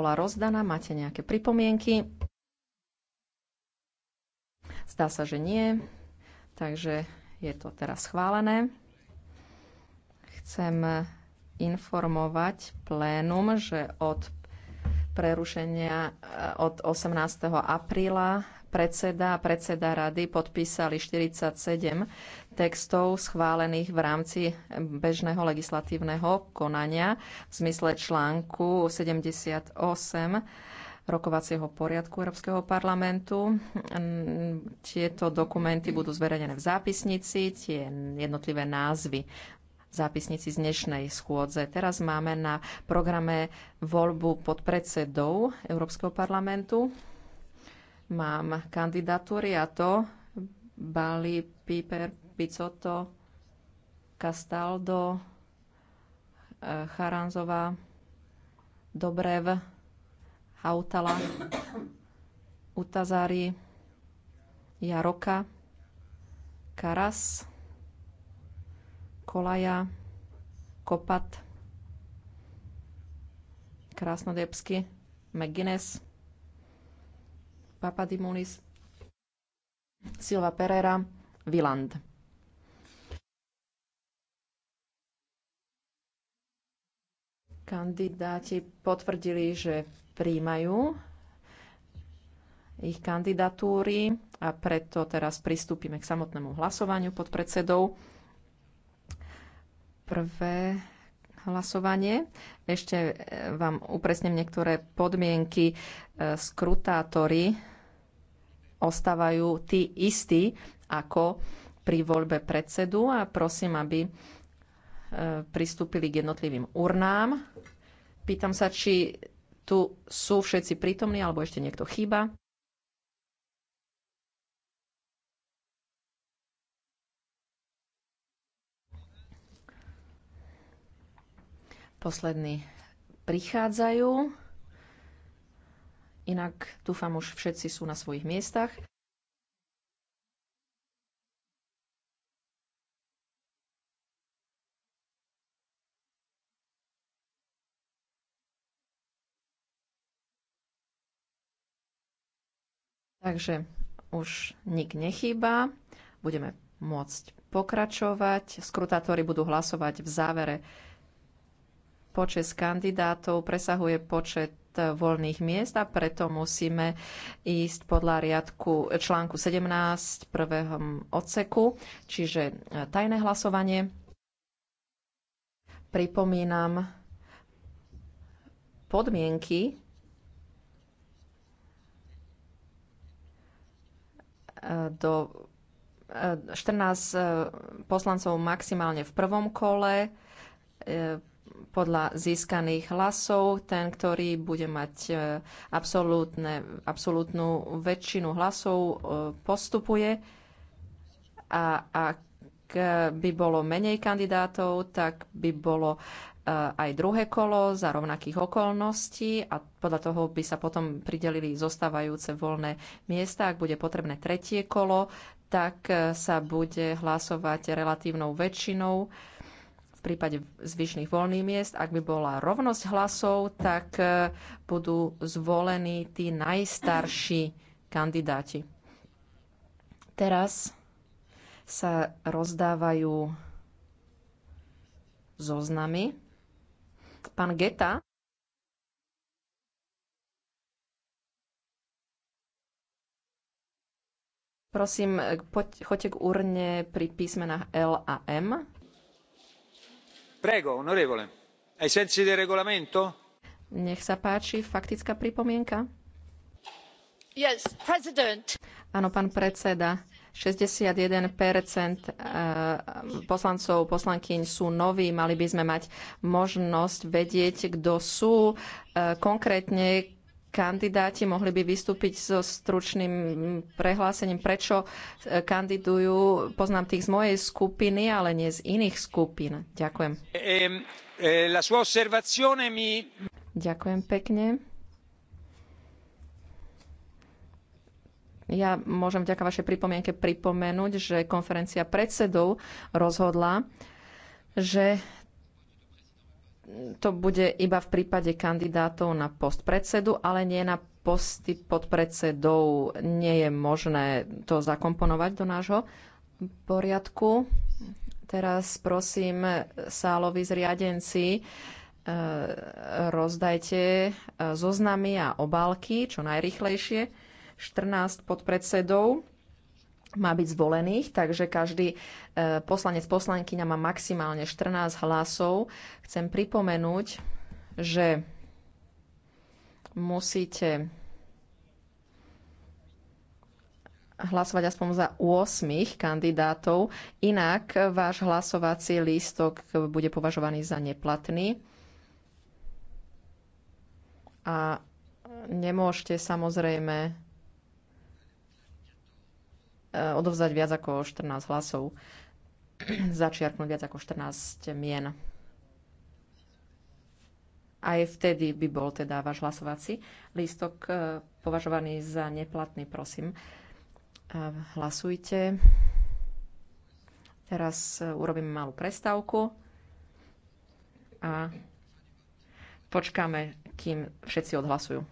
bola rozdaná. Máte nejaké pripomienky? Zdá sa, že nie. Takže je to teraz schválené. Chcem informovať plénum, že od prerušenia eh, od 18. apríla predseda a predseda rady podpísali 47 textov schválených v rámci bežného legislatívneho konania v zmysle článku 78 rokovacieho poriadku Európskeho parlamentu. Tieto dokumenty budú zverejnené v zápisnici, tie jednotlivé názvy zápisnici z dnešnej schôdze. Teraz máme na programe voľbu podpredsedov Európskeho parlamentu. Mám kandidatúry a to Bali, Piper, Picotto, Castaldo, eh, Charanzová, Dobrev, Hautala, Utazari, Jaroka, Karas, Kolaja, Kopat, Krásnodebsky, McGuinness, Papadimulis, Silva Pereira, Viland. Kandidáti potvrdili, že príjmajú ich kandidatúry a preto teraz pristúpime k samotnému hlasovaniu pod predsedou. Prvé hlasovanie. Ešte eh, vám upresnem niektoré podmienky eh, skrutátory ostávajú tí istí ako pri voľbe predsedu a prosím, aby e, pristúpili k jednotlivým urnám. Pýtam sa, či tu sú všetci prítomní alebo ešte niekto chýba. Poslední prichádzajú. Inak dúfam už všetci sú na svojich miestach. Takže už nik nechýba. Budeme môcť pokračovať. Skrutátori budú hlasovať v závere. Počet kandidátov presahuje počet voľných miest a preto musíme ísť podľa riadku článku 17 prvého odseku, čiže e, tajné hlasovanie. Pripomínam podmienky e, do 14 e, poslancov maximálne v prvom kole podľa získaných hlasov. Ten, ktorý bude mať e, absolútne, absolútnu väčšinu hlasov, e, postupuje. A ak by bolo menej kandidátov, tak by bolo e, aj druhé kolo za rovnakých okolností a podľa toho by sa potom pridelili zostávajúce voľné miesta. Ak bude potrebné tretie kolo, tak sa bude hlasovať relatívnou väčšinou v prípade zvyšných voľných miest, ak by bola rovnosť hlasov, tak e, budú zvolení tí najstarší kandidáti. Teraz sa rozdávajú zoznamy. Pán Geta Prosím, e, poď, choďte k urne pri písmenách L a M. Nech sa páči, faktická pripomienka. Áno, pán predseda. percent eh, poslancov, poslankyň sú noví. Mali by sme mať možnosť vedieť, kto sú eh, konkrétne, kandidáti mohli by vystúpiť so stručným prehlásením, prečo e, kandidujú. Poznám tých z mojej skupiny, ale nie z iných skupín. Ďakujem. E, Ďakujem pekne. Ja môžem vďaka vašej pripomienke pripomenúť, že konferencia predsedov rozhodla, že to bude iba v prípade kandidátov na post predsedu, ale nie na posty podpredsedov. Nie je možné to zakomponovať do nášho poriadku. Teraz prosím sálovi zriadenci, e, rozdajte e, zoznamy a obálky čo najrychlejšie. 14 podpredsedov má byť zvolených, takže každý e, poslanec poslankyňa má maximálne 14 hlasov. Chcem pripomenúť, že musíte hlasovať aspoň za 8 kandidátov, inak váš hlasovací lístok bude považovaný za neplatný. A nemôžete samozrejme Eh, odovzdať viac ako 14 hlasov, začiarknúť viac ako 14 mien. Aj vtedy by bol teda váš hlasovací lístok eh, považovaný za neplatný, prosím. Eh, hlasujte. Teraz urobím malú prestávku a počkáme, kým všetci odhlasujú.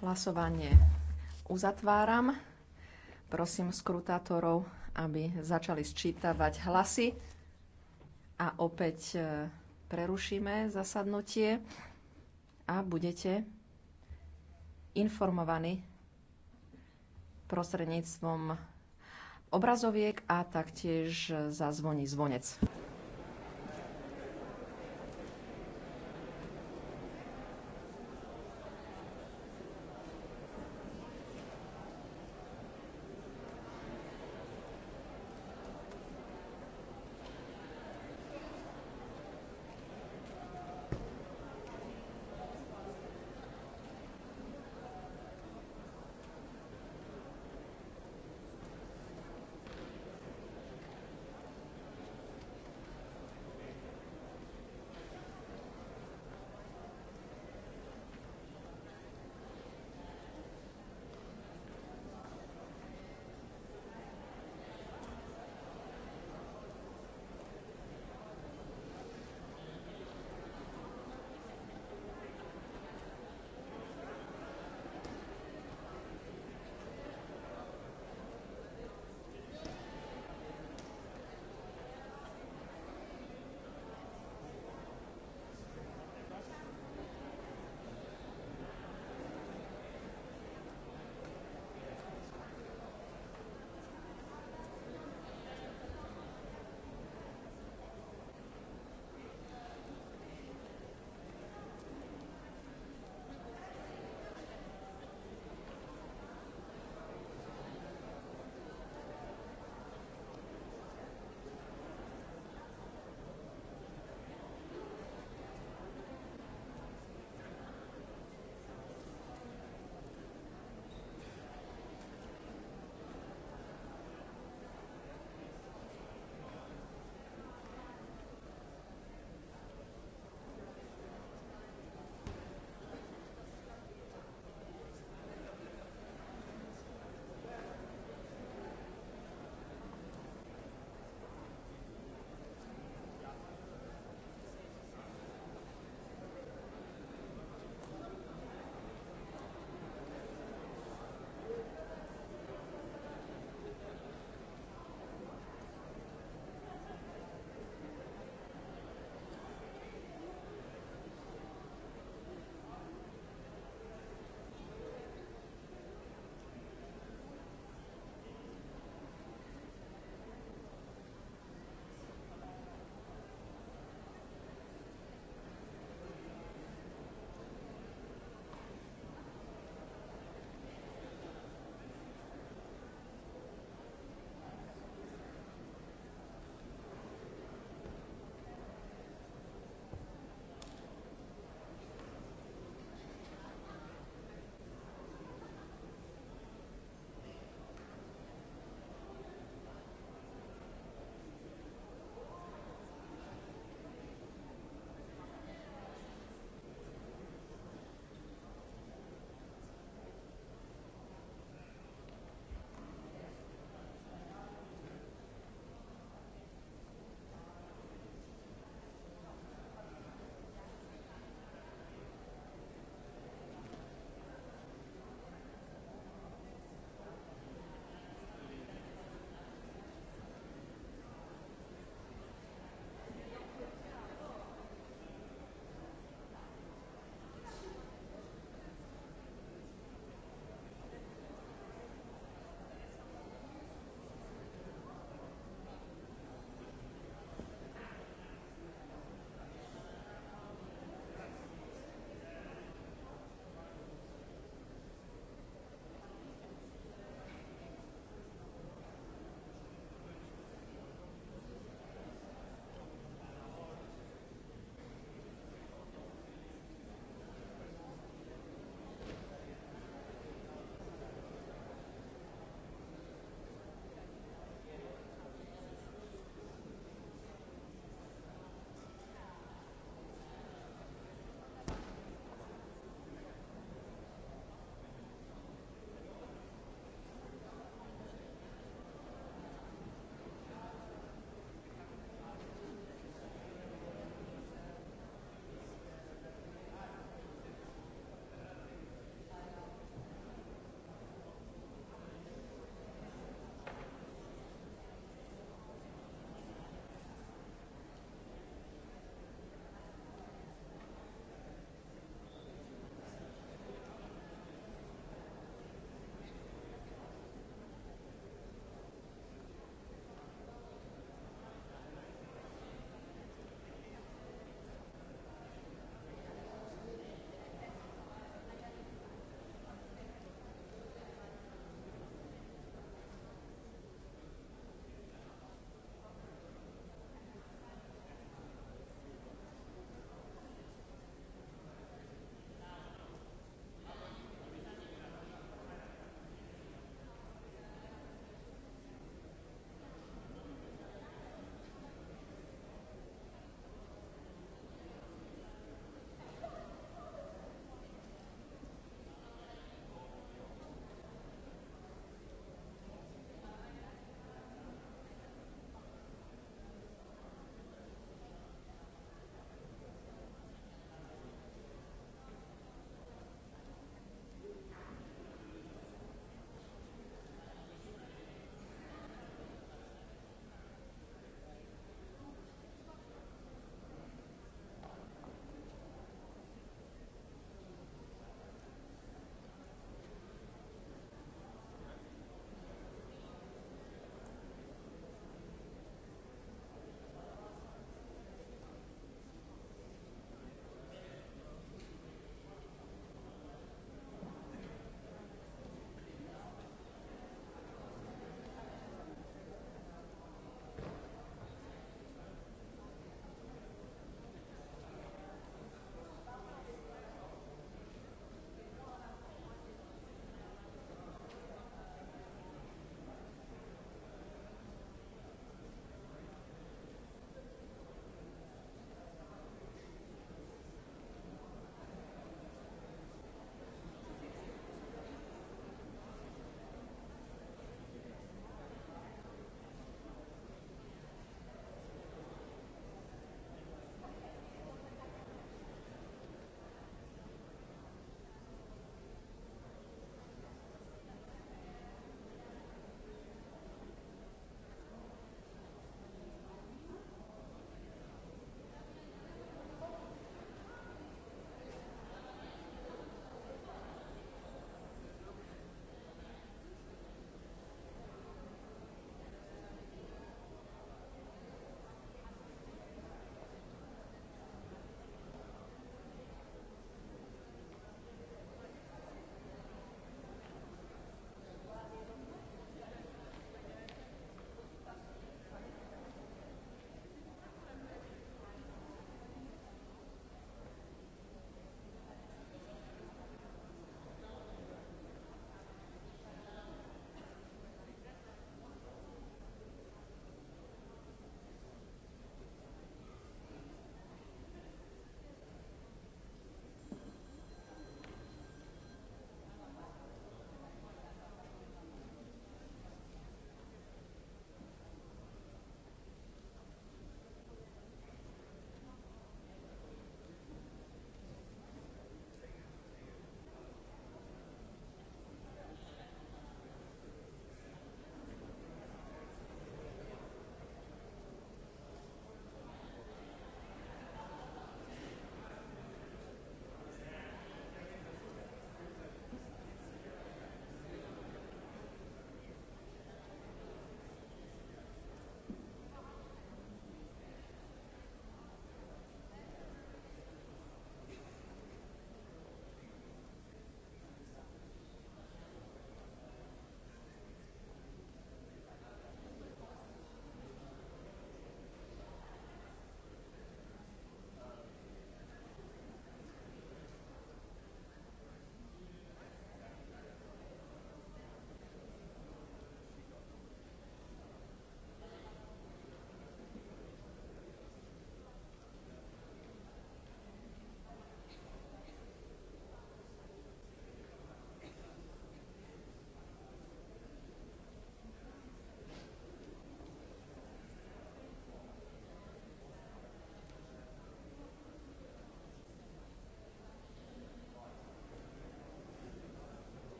Hlasovanie uzatváram. Prosím skrutátorov, aby začali sčítavať hlasy. A opäť e, prerušíme zasadnutie a budete informovaní prostredníctvom obrazoviek a taktiež zazvoní zvonec.